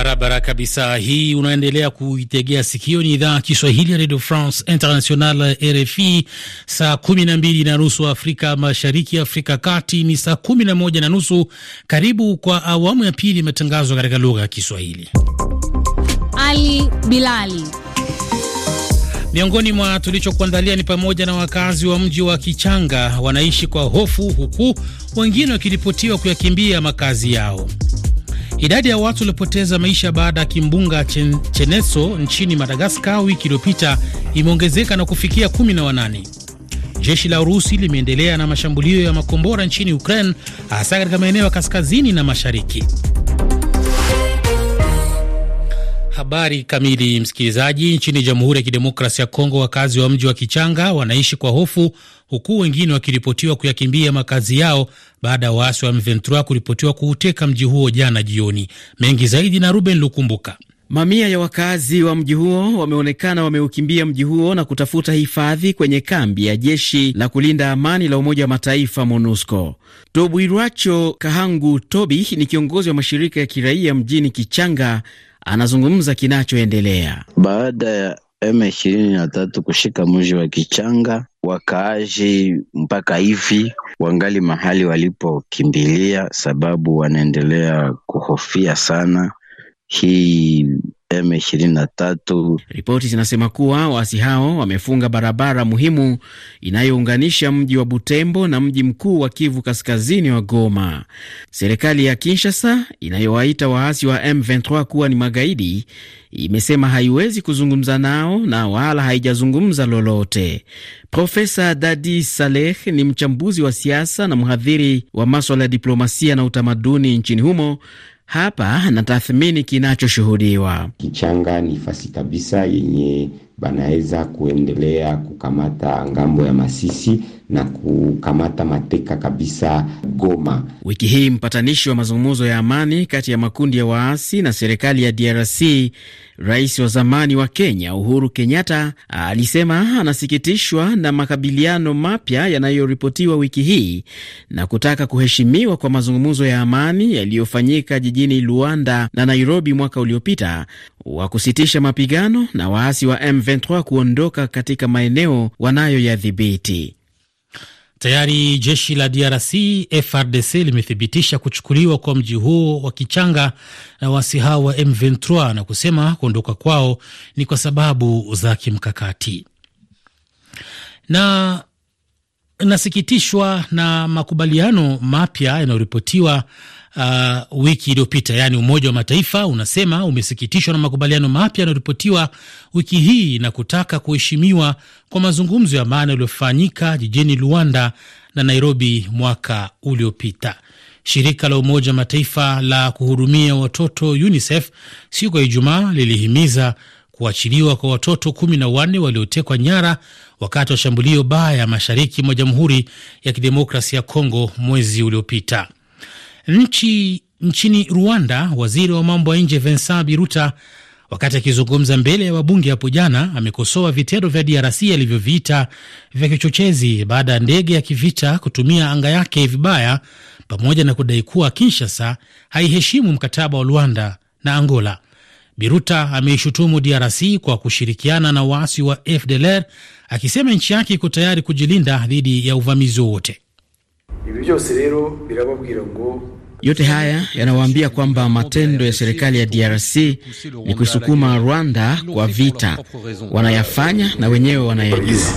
Barabara kabisa hii, unaendelea kuitegea sikio. Ni idhaa Kiswahili ya Radio France International, RFI. Saa kumi na mbili na nusu Afrika Mashariki, Afrika Kati ni saa kumi na moja na nusu. Karibu kwa awamu ya pili imetangazwa katika lugha ya Kiswahili. Ali Bilali Miongoni mwa tulichokuandalia ni pamoja na wakazi wa mji wa Kichanga wanaishi kwa hofu, huku wengine wakiripotiwa kuyakimbia makazi yao. Idadi ya watu waliopoteza maisha baada ya kimbunga chen, Cheneso nchini Madagaskar wiki iliyopita imeongezeka na kufikia 18. Jeshi la Urusi limeendelea na mashambulio ya makombora nchini Ukraine hasa katika maeneo ya kaskazini na mashariki. Habari kamili, msikilizaji. Nchini Jamhuri ya Kidemokrasia ya Kongo, wakazi wa mji wa Kichanga wanaishi kwa hofu, huku wengine wakiripotiwa kuyakimbia makazi yao baada ya waasi wa M23 kuripotiwa kuuteka mji huo jana jioni. Mengi zaidi na Ruben Lukumbuka. Mamia ya wakazi wa mji huo wameonekana wameukimbia mji huo na kutafuta hifadhi kwenye kambi ya jeshi la kulinda amani la Umoja wa Mataifa, MONUSCO. Tobwirwacho Kahangu Tobi ni kiongozi wa mashirika ya kiraia mjini Kichanga anazungumza kinachoendelea baada ya M ishirini na tatu kushika mji wa Kichanga. Wakaaji mpaka hivi wangali mahali walipokimbilia, sababu wanaendelea kuhofia sana hii M23. Ripoti zinasema kuwa waasi hao wamefunga barabara muhimu inayounganisha mji wa Butembo na mji mkuu wa Kivu Kaskazini wa Goma. Serikali ya Kinshasa inayowaita waasi wa M23 kuwa ni magaidi imesema haiwezi kuzungumza nao na wala haijazungumza lolote. Profesa Dadi Saleh ni mchambuzi wa siasa na mhadhiri wa maswala ya diplomasia na utamaduni nchini humo hapa anatathmini kinachoshuhudiwa. Kichanga ni fasi kabisa yenye banaweza kuendelea kukamata ngambo ya Masisi na kukamata mateka kabisa Goma. Wiki hii mpatanishi wa mazungumzo ya amani kati ya makundi ya waasi na serikali ya DRC, rais wa zamani wa Kenya Uhuru Kenyatta alisema anasikitishwa na makabiliano mapya yanayoripotiwa wiki hii na kutaka kuheshimiwa kwa mazungumzo ya amani yaliyofanyika jijini Luanda na Nairobi mwaka uliopita wa kusitisha mapigano na waasi wa M23 kuondoka katika maeneo wanayoyadhibiti. Tayari jeshi la DRC FRDC limethibitisha kuchukuliwa kwa mji huo wa kichanga na waasi hao wa M23 na kusema kuondoka kwao ni kwa sababu za kimkakati. Na nasikitishwa na makubaliano mapya yanayoripotiwa uh, wiki iliyopita. Yaani, Umoja wa Mataifa unasema umesikitishwa na makubaliano mapya yanayoripotiwa wiki hii na kutaka kuheshimiwa kwa mazungumzo ya maana yaliyofanyika jijini Luanda na Nairobi mwaka uliopita. Shirika la Umoja wa Mataifa la kuhudumia watoto UNICEF siku ya Ijumaa lilihimiza kuachiliwa kwa watoto kumi na wanne waliotekwa nyara wakati wa shambulio baya mashariki mwa Jamhuri ya Kidemokrasia ya Kongo mwezi uliopita nchi nchini Rwanda, waziri wa mambo ya nje Vincent Biruta, wakati akizungumza mbele ya wabunge hapo jana, amekosoa vitendo vya DRC alivyoviita vya kichochezi baada ya ndege ya kivita kutumia anga yake vibaya, pamoja na kudai kuwa Kinshasa haiheshimu mkataba wa Rwanda na Angola. Biruta ameishutumu DRC kwa kushirikiana na waasi wa FDLR akisema nchi yake iko tayari kujilinda dhidi ya uvamizi wowote. Yote haya yanawaambia kwamba matendo ya serikali ya DRC ni kuisukuma Rwanda kwa vita. Wanayafanya na wenyewe wanayajua.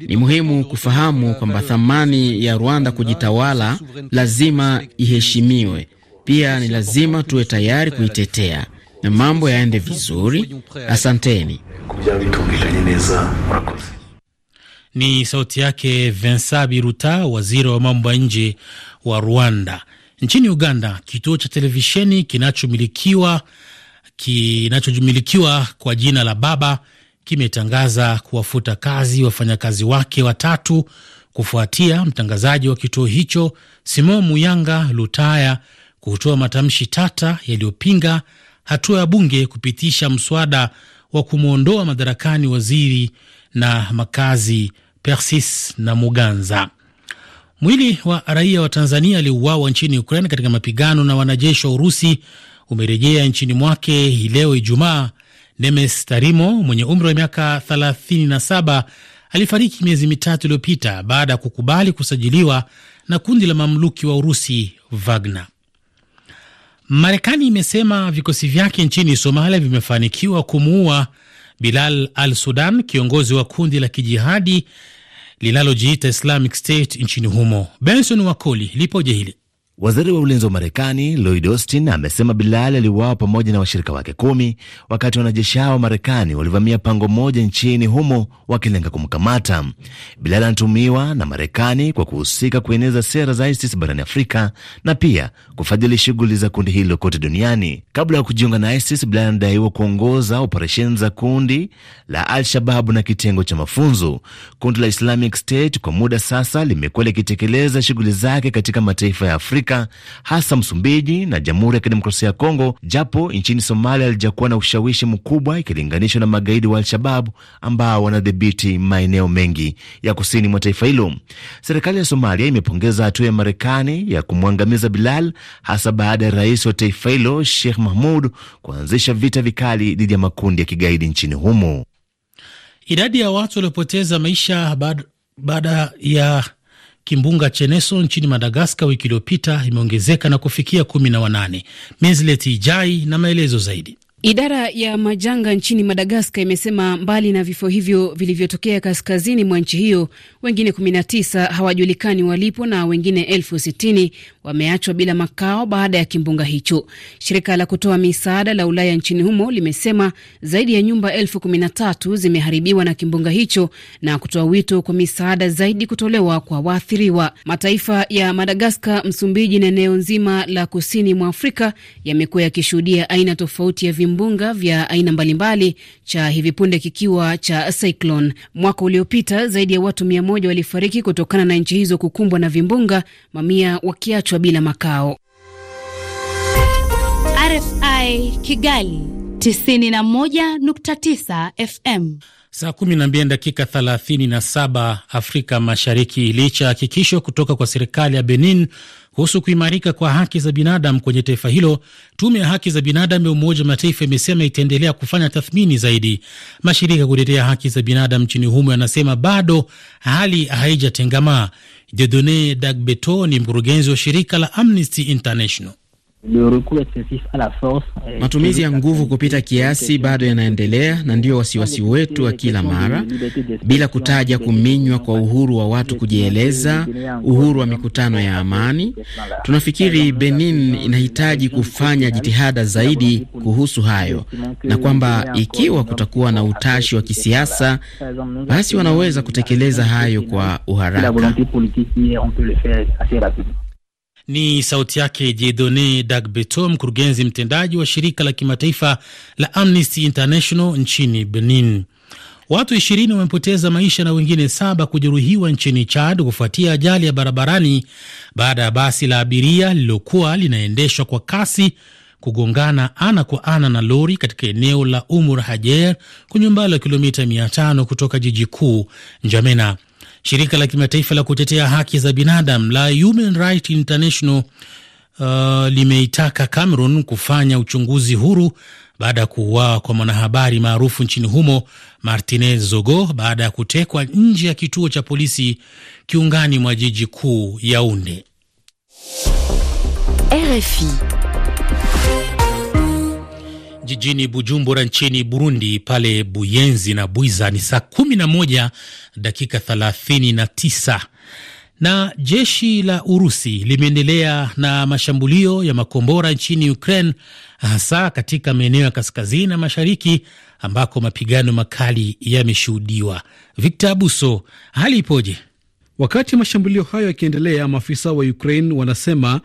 Ni muhimu kufahamu kwamba thamani ya Rwanda kujitawala lazima iheshimiwe. Pia ni lazima tuwe tayari kuitetea na mambo yaende vizuri. Asanteni. Ni sauti yake Vincent Biruta, waziri wa mambo ya nje wa Rwanda. Nchini Uganda, kituo cha televisheni kinachomilikiwa kinachojumilikiwa kwa jina la Baba kimetangaza kuwafuta kazi wafanyakazi wake watatu kufuatia mtangazaji wa kituo hicho Simon Muyanga Lutaya kutoa matamshi tata yaliyopinga hatua ya bunge kupitisha mswada wa kumwondoa madarakani waziri na makazi Persis na Muganza. Mwili wa raia wa Tanzania aliuawa nchini Ukraine katika mapigano na wanajeshi wa Urusi umerejea nchini mwake hii leo Ijumaa. Nemes Tarimo mwenye umri wa miaka 37 alifariki miezi mitatu iliyopita baada ya kukubali kusajiliwa na kundi la mamluki wa Urusi Wagner. Marekani imesema vikosi vyake nchini Somalia vimefanikiwa kumuua Bilal al Sudan, kiongozi wa kundi la kijihadi linalojiita Islamic State nchini humo. Benson Wakoli, lipoje hili? Waziri wa ulinzi wa Marekani Lloyd Austin amesema Bilal aliuawa pamoja na washirika wake kumi wakati wanajeshi hao wa Marekani walivamia pango moja nchini humo wakilenga kumkamata. Bilal anatumiwa na Marekani kwa kuhusika kueneza sera za ISIS barani Afrika na pia kufadhili shughuli za kundi hilo kote duniani. Kabla ya kujiunga na ISIS, Bilal anadaiwa kuongoza operesheni za kundi la Al-Shababu na kitengo cha mafunzo. Kundi la Islamic State kwa muda sasa limekuwa likitekeleza shughuli zake katika mataifa ya Afrika Afrika, hasa Msumbiji na Jamhuri ya Kidemokrasia ya Kongo, japo nchini Somalia alijakuwa na ushawishi mkubwa ikilinganishwa na magaidi wa Al-Shababu ambao wanadhibiti maeneo mengi ya kusini mwa taifa hilo. Serikali ya Somalia imepongeza hatua ya Marekani ya kumwangamiza Bilal, hasa baada ya rais wa taifa hilo Sheikh Mahmud kuanzisha vita vikali dhidi ya makundi ya kigaidi nchini humo. Idadi ya watu waliopoteza maisha baada ya Kimbunga Cheneso nchini Madagaskar wiki iliyopita imeongezeka na kufikia kumi na wanane. Mizlet Ijai na maelezo zaidi. Idara ya majanga nchini Madagaskar imesema mbali na vifo hivyo vilivyotokea kaskazini mwa nchi hiyo, wengine 19 hawajulikani walipo na wengine elfu sitini wameachwa bila makao baada ya kimbunga hicho. Shirika la kutoa misaada la Ulaya nchini humo limesema zaidi ya nyumba elfu kumi na tatu zimeharibiwa na kimbunga hicho na kutoa wito kwa misaada zaidi kutolewa kwa waathiriwa. Mataifa ya Madagaskar, Msumbiji na eneo nzima la kusini mwa Afrika yamekuwa yakishuhudia aina tofauti ya vimbunga vya aina mbalimbali, cha hivi punde kikiwa cha cyclone. Mwaka uliopita zaidi ya watu mia moja walifariki kutokana na nchi hizo kukumbwa na vimbunga, mamia wakiachwa kuachwa bila makao. RFI Kigali 91.9 FM. Saa mbili dakika 37 Afrika Mashariki. Licha ya hakikisho kutoka kwa serikali ya Benin kuhusu kuimarika kwa haki za binadamu kwenye taifa hilo. Tume ya haki za binadamu ya Umoja wa Mataifa imesema itaendelea kufanya tathmini zaidi. Mashirika kutetea haki za binadamu nchini humo yanasema bado hali haijatengamaa. Jedone Dagbeto ni mkurugenzi wa shirika la Amnesty International. Matumizi ya nguvu kupita kiasi bado yanaendelea na ndiyo wasiwasi wetu wa kila mara, bila kutaja kuminywa kwa uhuru wa watu kujieleza, uhuru wa mikutano ya amani. Tunafikiri Benin inahitaji kufanya jitihada zaidi kuhusu hayo, na kwamba ikiwa kutakuwa na utashi wa kisiasa, basi wanaweza kutekeleza hayo kwa uharaka. Ni sauti yake Jedone Dagbeto, mkurugenzi mtendaji wa shirika la kimataifa la Amnesty International nchini Benin. Watu ishirini wamepoteza maisha na wengine saba kujeruhiwa nchini Chad kufuatia ajali ya barabarani baada ya basi la abiria lililokuwa linaendeshwa kwa kasi kugongana ana kwa ana na lori katika eneo la Umur Hajer kwenye umbali wa kilomita 5 kutoka jiji kuu Njamena. Shirika la kimataifa la kutetea haki za binadamu la Human Rights International uh, limeitaka Cameroon kufanya uchunguzi huru baada ya kuuawa kwa mwanahabari maarufu nchini humo Martinez Zogo baada ya kutekwa nje ya kituo cha polisi kiungani mwa jiji kuu Yaounde. RFI Jijini Bujumbura nchini Burundi, pale Buyenzi na Bwiza ni saa 11 dakika 39. Na jeshi la Urusi limeendelea na mashambulio ya makombora nchini Ukraine, hasa katika maeneo ya kaskazini na mashariki ambako mapigano makali yameshuhudiwa. Victor Abuso, hali ipoje? Wakati mashambulio hayo yakiendelea, maafisa wa Ukraine wanasema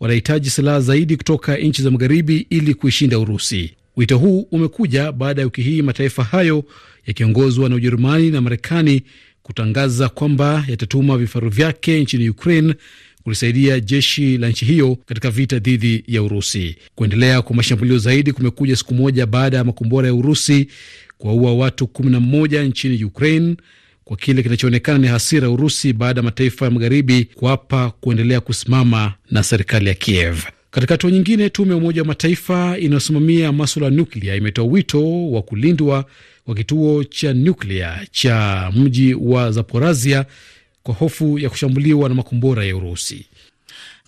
wanahitaji silaha zaidi kutoka nchi za magharibi ili kuishinda Urusi. Wito huu umekuja baada ya wiki hii mataifa hayo yakiongozwa na Ujerumani na Marekani kutangaza kwamba yatatuma vifaru vyake nchini Ukraine kulisaidia jeshi la nchi hiyo katika vita dhidi ya Urusi. Kuendelea kwa mashambulio zaidi kumekuja siku moja baada ya makombora ya Urusi kuwaua watu 11 nchini Ukraine kwa kile kinachoonekana ni hasira ya Urusi baada ya mataifa ya magharibi kuapa kuendelea kusimama na serikali ya Kiev. Katika hatua nyingine, tume ya Umoja wa Mataifa inayosimamia maswala ya nuklia imetoa wito wa kulindwa kwa kituo cha nuklia cha mji wa Zaporazia kwa hofu ya kushambuliwa na makombora ya Urusi.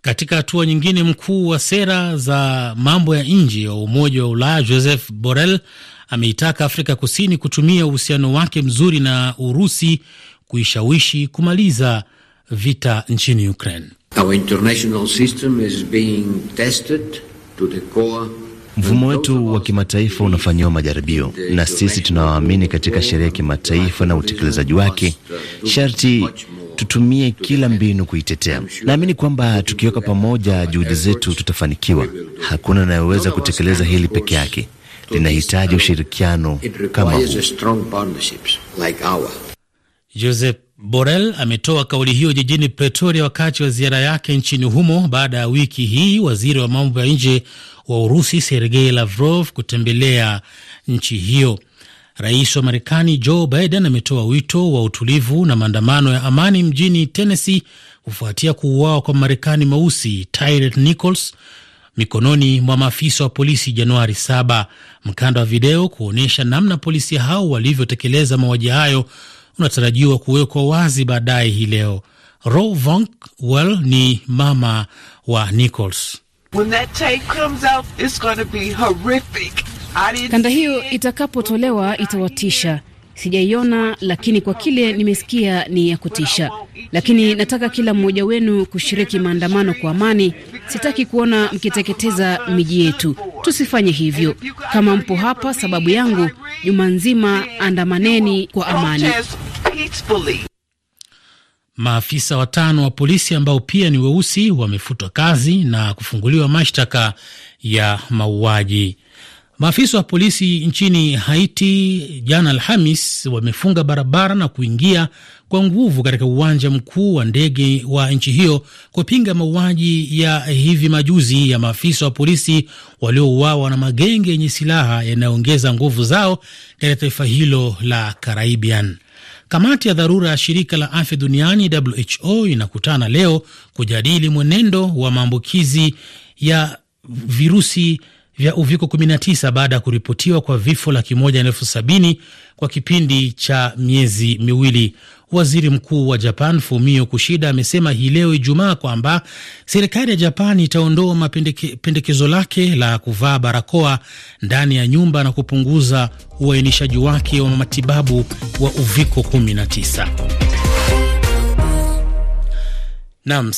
Katika hatua nyingine, mkuu wa sera za mambo ya nje wa Umoja wa Ulaya Joseph Borrell ameitaka Afrika Kusini kutumia uhusiano wake mzuri na Urusi kuishawishi kumaliza vita nchini Ukraine. Mfumo wetu wa kimataifa unafanyiwa majaribio, na sisi tunawaamini katika sheria ya kimataifa na utekelezaji wake. Sharti tutumie kila mbinu kuitetea. Naamini kwamba tukiweka pamoja juhudi zetu tutafanikiwa. Hakuna anayeweza kutekeleza hili peke yake, linahitaji ushirikiano kama huu. Joseph Borel ametoa kauli hiyo jijini Pretoria wakati wa ziara yake nchini humo baada ya wiki hii waziri wa mambo ya nje wa Urusi Sergei Lavrov kutembelea nchi hiyo. Rais wa Marekani Joe Biden ametoa wito wa utulivu na maandamano ya amani mjini Tennessee kufuatia kuuawa kwa Marekani mweusi Tyler Nichols mikononi mwa maafisa wa polisi Januari 7. Mkanda wa video kuonyesha namna polisi hao walivyotekeleza mauaji hayo unatarajiwa kuwekwa wazi baadaye hii leo. ro Vonk Wall ni mama wa Nichols. Kanda hiyo itakapotolewa itawatisha. Sijaiona, lakini kwa kile nimesikia ni ya kutisha. Lakini nataka kila mmoja wenu kushiriki maandamano kwa amani. Sitaki kuona mkiteketeza miji yetu, tusifanye hivyo. Kama mpo hapa sababu yangu, juma nzima, andamaneni kwa amani peacefully. Maafisa watano wa polisi ambao pia ni weusi wamefutwa kazi na kufunguliwa mashtaka ya mauaji. Maafisa wa polisi nchini Haiti jana Alhamis wamefunga barabara na kuingia kwa nguvu katika uwanja mkuu wa ndege wa nchi hiyo kupinga mauaji ya hivi majuzi ya maafisa wa polisi waliouawa na magenge yenye silaha yanayoongeza nguvu zao katika taifa hilo la karaibian Kamati ya dharura ya shirika la afya duniani WHO inakutana leo kujadili mwenendo wa maambukizi ya virusi vya uviko 19 baada ya kuripotiwa kwa vifo laki moja na elfu sabini kwa kipindi cha miezi miwili. Waziri Mkuu wa Japan Fumio kushida amesema hii leo Ijumaa kwamba serikali ya Japan itaondoa mapendekezo lake la kuvaa barakoa ndani ya nyumba na kupunguza uainishaji wake wa matibabu wa uviko 19. Naam.